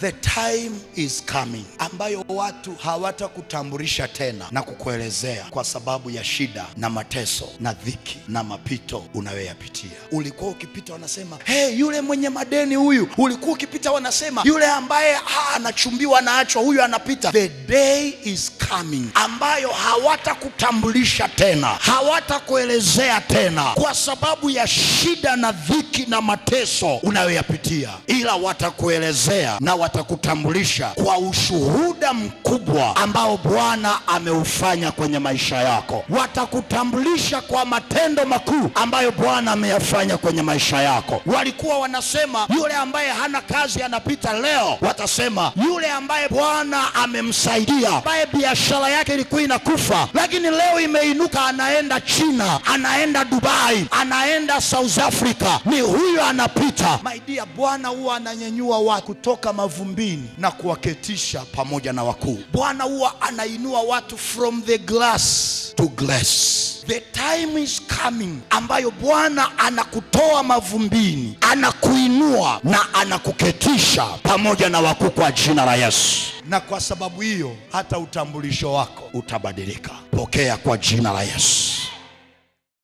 The time is coming ambayo watu hawatakutambulisha tena na kukuelezea kwa sababu ya shida na mateso na dhiki na mapito unayoyapitia. Ulikuwa ukipita wanasema, hey, yule mwenye madeni huyu. Ulikuwa ukipita wanasema, yule ambaye ha, anachumbiwa anaachwa, huyu anapita. The day is coming ambayo hawatakutambulisha tena, hawatakuelezea tena kwa sababu ya shida na dhiki na mateso unayoyapitia, ila watakuelezea na watakutambulisha kwa ushuhuda mkubwa ambao Bwana ameufanya kwenye maisha yako. Watakutambulisha kwa matendo makuu ambayo Bwana ameyafanya kwenye maisha yako. Walikuwa wanasema yule ambaye hana kazi anapita leo, watasema yule ambaye Bwana amemsaidia, ambaye biashara yake ilikuwa inakufa, lakini leo imeinuka, anaenda China, anaenda Dubai, anaenda South Africa, ni huyo anapita. My dear, Bwana huwa ananyenyua wa kutoka mavu vumbini na kuwaketisha pamoja na wakuu. Bwana huwa anainua watu from the glass to glass. The time is coming ambayo Bwana anakutoa mavumbini, anakuinua na anakuketisha pamoja na wakuu kwa jina la Yesu. Na kwa sababu hiyo hata utambulisho wako utabadilika. Pokea kwa jina la Yesu.